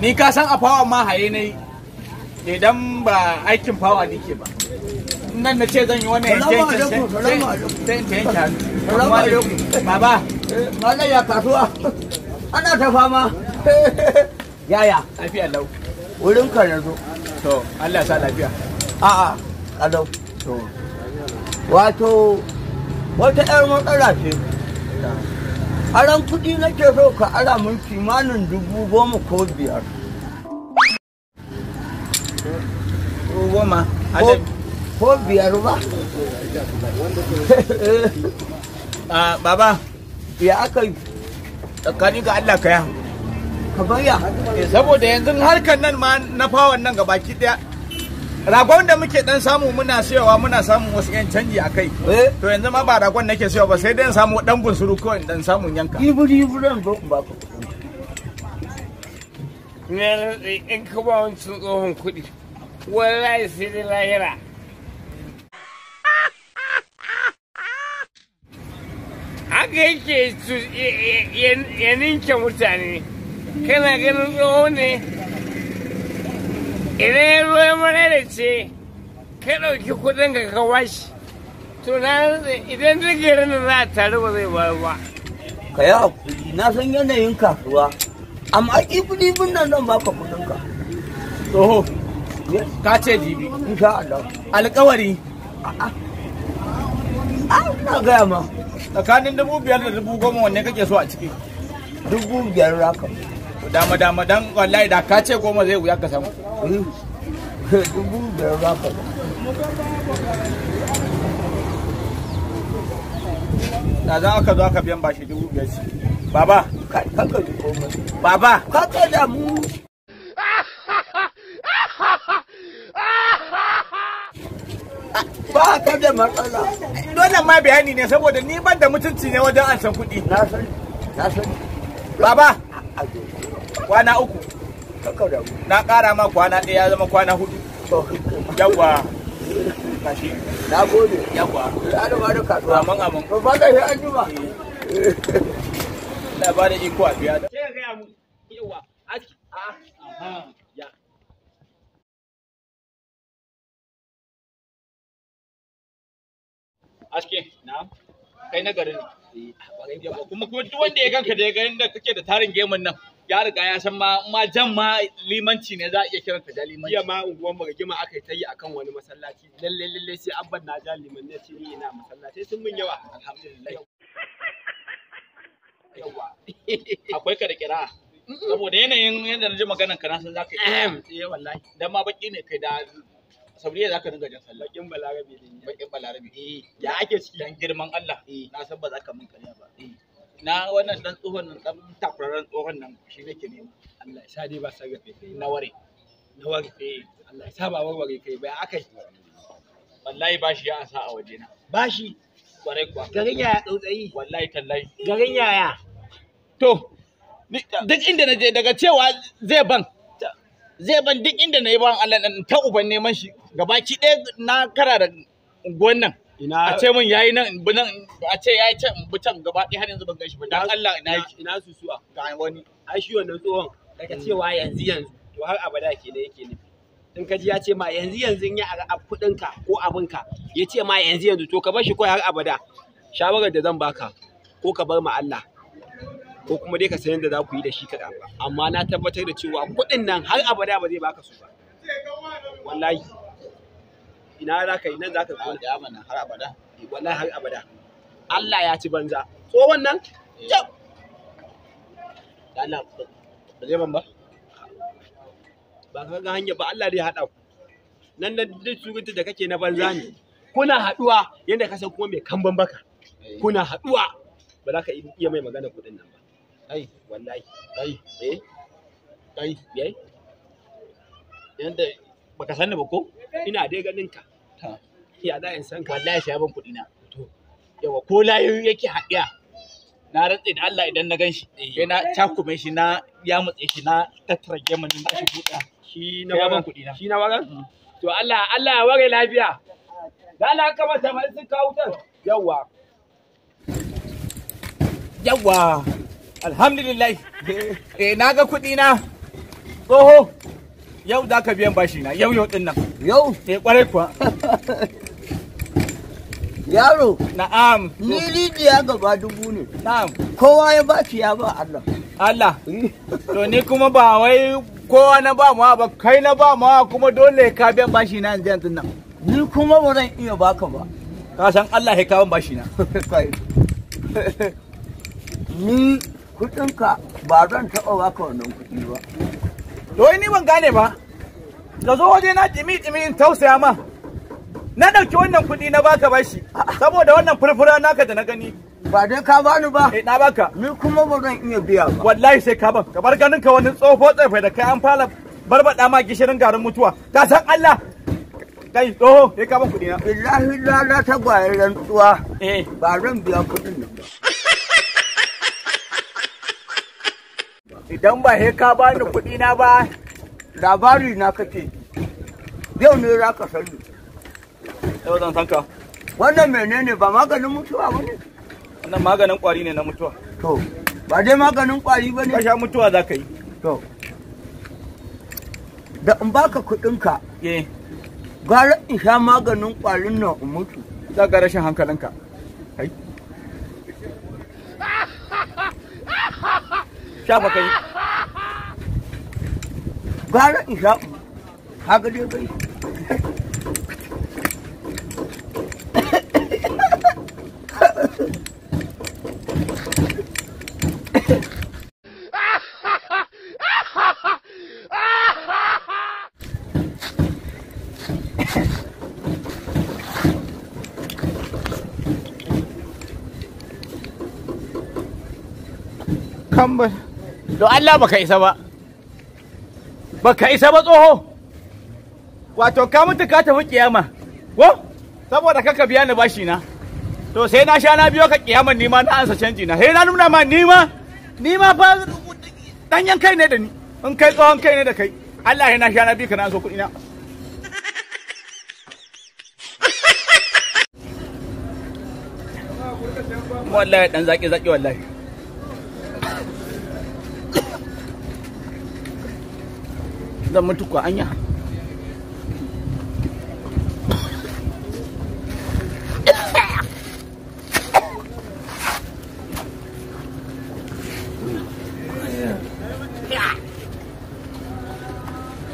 ni ka san a fawa ma haye ne idan ba aikin fawa nike ba nan na ce zan yi wani yankin sai yanke baba malam eh, ya kasuwa ana ta fama yaya lafiya lau wurin ka yanzu to Allah sa lafiya a'a kalau to wato wata 'yar matsala ce aran kuɗi nake so ka ara mun kimanin dubu goma ko biyar goma ko biyar ba ah, baba ya aka yi tsakani ga Allah kaya ya ka baya saboda yanzu harkar nan ma na fawon nan ga baki daya ragon da muke dan samu muna sayowa muna samun wasu yan canji a kai eh? to yanzu ma ba ragon nake sayowa ba sai dai samu dan bunsuru ko dan samu yanka iburi iburi ko ba ku ne in ka ba wancan tsohon kuɗi wallahi sai dai lahira haka yake ya ninke mutane kana ganin tsohon ne idan ya zo ya mana ce ka ɗauki kuɗin ka ka washi to na idan duk zikirin da za a taru ba zai bayar ba ka yi hakuri na san yanayin kasuwa amma ibin nan zan baka kuɗin ka tsoho ka ce jibi insha Allah alƙawari na gaya ma tsakanin dubu biyar da dubu goma wanne kake so a ciki dubu biyar raka dama dama dan wallahi da ka ce goma zai wuya ka samu da za ka zo ka biyan bashi dubu biyar shi baba kaka ji baba kaka da mu ba ka da matsala dole ma bayani ne saboda ni ban da mutunci ne wajen an san kuɗi na san na san baba kwana uku na kara ma kwana ɗaya ya zama kwana hudu yawa na gode yawwa da ba da kasuwa amon amon to ba da shi an juma eh. na ba da iko a biya da ke ga ya mu yawwa aski ah. a ya aske na kai na garin kuma eh, kuma duk wanda ya ganka da ya garin da kake da tarin gemun nan ya riga ya san ma ma jan ma limanci ne za a iya kiran da limanci jiya ma unguwan mu rigima aka yi ta yi akan wani masallaci lalle lalle sai abban na ja liman ne ce ni ina masallaci sun mun yawa alhamdulillah yawa akwai ka da kira saboda yanayin yadda na ji maganar ka na san za ka yi eh wallahi dan ma baki ne kai da sabriya ka dinga jan sallah bakin balarabe bakin balarabe eh ya ake ciki dan girman Allah eh. na san ba ka mun kariya ba eh na wannan dan tsohon nan dan takuraren tsohon nan shi nake nema Allah ya sa dai ba sa gafe kai na ware na ware kai Allah ya sa ba ware kai bai aka wallahi bashi ya asa a waje na bashi kwarai kuwa garin yaya tsautsayi wallahi tallahi garin yaya to duk inda na je daga cewa zai ban zai ban duk inda na yi ban Allah ta uban neman shi gabaki ɗaya na kara da gwannan a ce mun yayi nan nan a ce yayi can bi can gaba ɗaya har yanzu ban ganshi ba dan Allah ina yake ina susuwa ga wani ai shi wannan tsohon daga cewa yanzu yanzu to har abada ke ne yake ne in ka ji ya ce ma yanzu yanzu ya a kudin ka ko abin ka ya ce ma yanzu yanzu to ka bar shi ko har abada shawarar da zan baka ko ka bar ma Allah ko kuma dai ka san yadda za ku yi da shi kaɗan amma na tabbatar da cewa kuɗin nan har abada ba zai baka su ba wallahi ina za ka yi nan za ka kona ya mana har abada wallahi har abada Allah ya ci banza so wannan eh. yau Allah ba zai ban ba ba ka ga hanya ba Allah zai haɗa ku nan da duk surutun da kake na banza ne kuna haɗuwa yadda ka san kuma mai kamban baka eh. kuna haɗuwa ba za ka iya mai magana kuɗin nan ba kai wallahi kai eh kai yayi yanda baka sani ba ko ina dai ganin ka ya za in san ka Allah ya saya ban kuɗi na yawa ko layoyi yake haɗiya na rantse da Allah idan na gan shi. sai na cakume shi na ya mutse shi na tattara gemanin na shi buɗa shi na ban kuɗi na shi na wagan mm. to Allah Allah ya ware lafiya da Allah ka mata mai sun kawo wutar yawa yawa alhamdulillah eh na ga kuɗi na tsoho Yau za ka biyan bashi na yau yau din nan. Yau? Eh kwarai kuwa. Yaro. Na'am. Ni rijiya gaba dubu ne. Na'am. Kowa ya ba ya ba Allah. Allah. To ni kuma ba wai kowa na ba ma ba kai na ba ma kuma dole ka biyan bashi na yanzu yanzu nan. Ni kuma ba zan iya baka ba. Ka san Allah ya kawo bashi na. Ni ka ba zan taɓa baka wannan kuɗi ba. wai ni ban gane ba ka zo waje na dimi dimi in tausaya ma na ɗauki wannan kudi na baka bashi saboda wannan furfura naka da na gani ba dai ka bani ba eh na baka ni kuma ba zan iya biya ba wallahi sai ka ban ka bar ganin ka wani tsofo tsofai da kai an fara barbada ma gishirin garin mutuwa ka san Allah kai tsoho sai ka ban kudi na billahi la ta gwayar rantsuwa eh. ba zan biya kuɗin nan ba dan ba he ka bani kuɗi na ba labari na kake yau ne za ka sallu yau zan ka. wannan menene ba maganin mutuwa ba ne wannan maganin kwari ne na mutuwa to ba dai maganin kwari ba ne sha mutuwa za ka yi to da in baka kuɗinka eh gara in sha maganin kwarin nan in mutu za ka rashin hankalinka kai cara enxapa. Raga de aí. Kamu, doa Allah pakai sabak. baka isa ba tsoho wato ka mutu ka tafi kiyama ko saboda kaka biya ni bashi na to sai na sha na biyo ka kiyaman nima na ansa canji na sai na nuna ma nima nima fa danyen kai ne da ni in kai tsohon kai ne da kai Allah ya na sha na biyo ka na ansa kuɗi na wallahi dan zaki zaki wallahi da mutu ko anya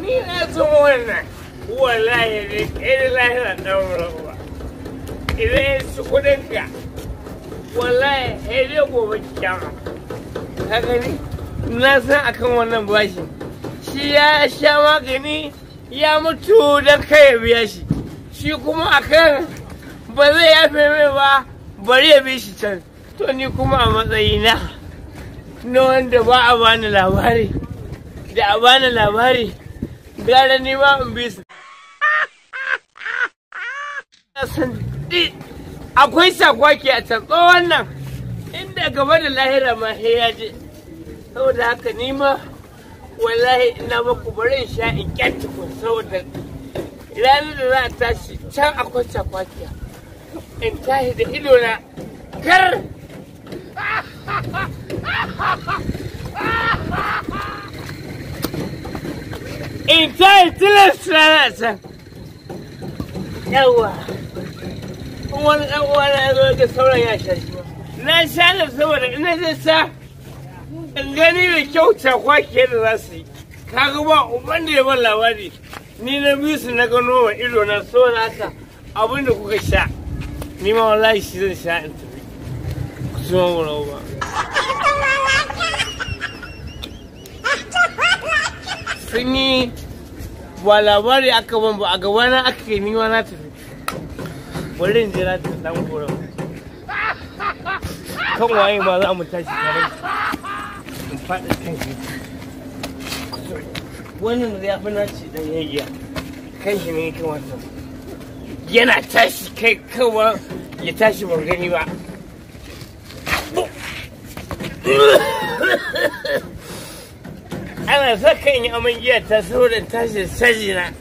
ni na san wannan wallahi ne irin lahiran ba idan ya ci ka wallahi ya zai gobe kyama ka gani na san akan wannan bashin shi ya sha magani ya mutu don kai ya biya shi shi kuma akan ba zai fi mai ba bari ya bi shi can to ni kuma a matsayina na wanda ba a bani labari da a bani labari gara ni ma in bi su akwai sakwaki a can tsohon nan inda gaba da lahira ma ya je saboda haka ni ma wallahi ina maku bari sha in kyanta ku saboda ranar da za a tashi can akwai cakwakiya in tashi da ido na, kar in tashi tilas rana can yawa wani ɗan uwa na ya zo da sauran ya sha shi na sha da saboda ina zai sha gani da kyau cakwa ke da za su yi kaga ba uban da ya ba labari ni na biyu su na gano wa ido na so na haka abin da kuka sha ni ma wallahi shi zan sha in tafi ku ci ma ba sun yi ba labari aka ban ba a gabana aka yi ni ma na tafi bari in jira ta dan goron kan waye ba za mu tashi tare faɗin kanki wannan da ya fi naci dan yayya kan shi ne yake wannan yana tashi kai kawa ya tashi ban gani ba ana sa kan yi aman giya ta saboda tashi sajina